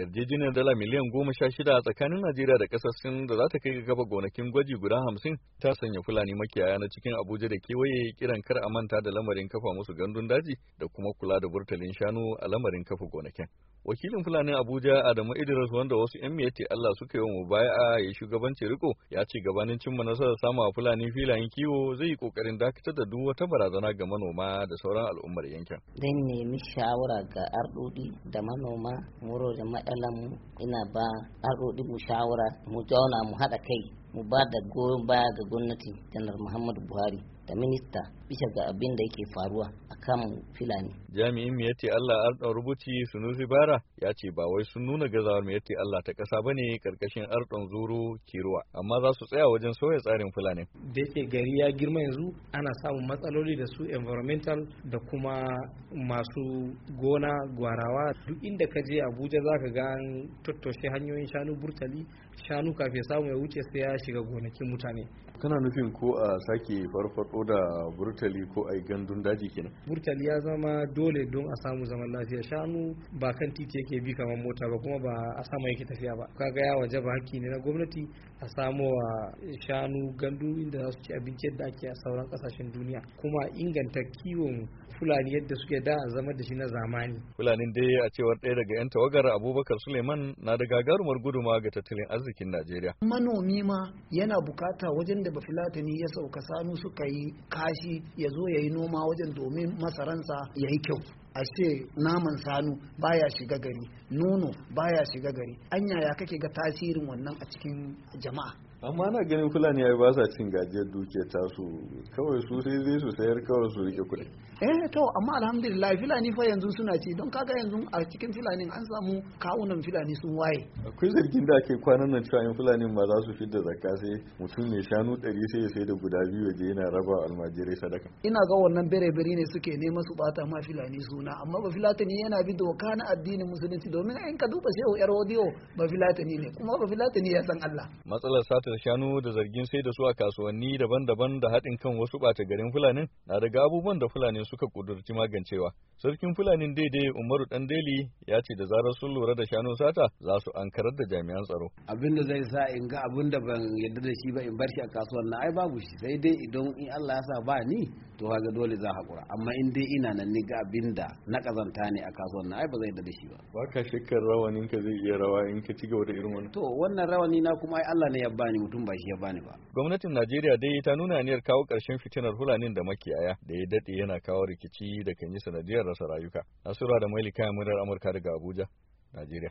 yarjejeniyar dala miliyan goma sha shida a tsakanin Najeriya da kasar da za ta kai gaba gonakin gwaji guda hamsin ta sanya Fulani makiyaya na cikin Abuja da kewaye kiran kar a manta da lamarin kafa musu gandun daji da kuma kula da burtalin shanu a lamarin kafa gonakin. Wakilin Fulani Abuja Adamu Idris wanda wasu 'yan miyati Allah suka yi wa a ya shugabanci riko ya ce gabanin cimma nasarar a Fulani filayen kiwo zai yi kokarin dakatar da duk wata barazana ga manoma da sauran al'ummar yankin. Zan nemi shawara ga arɗoɗi da manoma, muro da mu ina ba harkokin mu shawara mu jauna mu haɗa kai mu ba da goyon baya ga gwamnati janar muhammadu buhari da minista bisa ga abin da yake faruwa a kan filani. Jami'in yace Allah Arɗon Rubuci Sunusi Bara ya ce ba wai sun nuna gazawar yace Allah ta kasa bane ne ƙarƙashin Arɗon Zuru Kiruwa, amma za su tsaya wajen sauya tsarin Fulani. Da yake gari ya girma yanzu ana samun matsaloli da su environmental da kuma masu gona gwarawa duk inda ka je Abuja za ka ga an hanyoyin shanu burtali shanu kafin samu ya wuce sai ya shiga gonakin mutane. Kana nufin ko a sake farfaɗo ko da burtali ko a gandun daji kenan burtali ya zama dole don a samu zaman lafiya shanu ba kan titi yake bi kamar mota ba kuma ba a sama yake tafiya ba kaga ya waje ba hakki ne na gwamnati a samu wa shanu gandu inda za su ci abinci yadda ake a sauran kasashen duniya kuma inganta kiwon fulani yadda suke da a zama da shi na zamani fulanin dai a cewar ɗaya daga 'yan tawagar abubakar suleiman na da gagarumar guduma ga tattalin arzikin najeriya manomi ma yana bukata wajen da fulatani ya sauka sanu suka yi kashi ya zo ya yi noma wajen domin masaransa ya yi kyau ce naman sanu baya shiga gari nono baya shiga gari anya ya kake ga tasirin wannan a cikin jama'a amma na ganin fulani ya ba sa cin gajiyar duke ta su kawai su sai zai su sayar kawai su rike kuɗi eh to amma alhamdulillah fulani fa yanzu suna ci don kaga yanzu a cikin filanin an samu kawunan fulani sun waye akwai zargin da ake kwanan nan cewa fulanin ba za su fidda zakka sai mutum ne shanu ɗari sai ya sai da guda biyu ya je yana raba almajirai sadaka ina ga wannan bere bere ne suke nema su bata ma fulani suna amma ba filatani yana bi doka na addinin musulunci domin in ka duba shehu yar wadiyo ba fulatani ne kuma ba filatani ya san Allah matsalar sata ta shanu da zargin sai da su a kasuwanni daban-daban da haɗin kan wasu ɓata garin Fulanin na daga abubuwan da Fulani suka ƙudurci magancewa. Sarkin Fulanin daidai Umaru Deli ya ce da zarar sun lura da shanu sata za su ankarar da jami'an tsaro. Abin da zai sa in ga abin da ban yarda da shi ba in bar shi a kasuwan na ai babu shi sai dai idan in Allah ya sa ba ni to kaga dole za haƙura amma in dai ina nan ni ga abin da na kazanta ne a kasuwan na ai ba zai yarda da shi ba. ka shakkar rawanin ka zai iya rawa in ka ci gaba da irin wannan. To wannan rawani na kuma ai Allah ne ya bani mutum ba shi ya bani ba. Gwamnatin Najeriya dai ta nuna aniyar kawo ƙarshen fitinar hulanin da makiyaya da ya daɗe yana kawo rikici da kan yi sanadiyar rasa rayuka. Asura da Mailika Murar Amurka daga Abuja, Najeriya.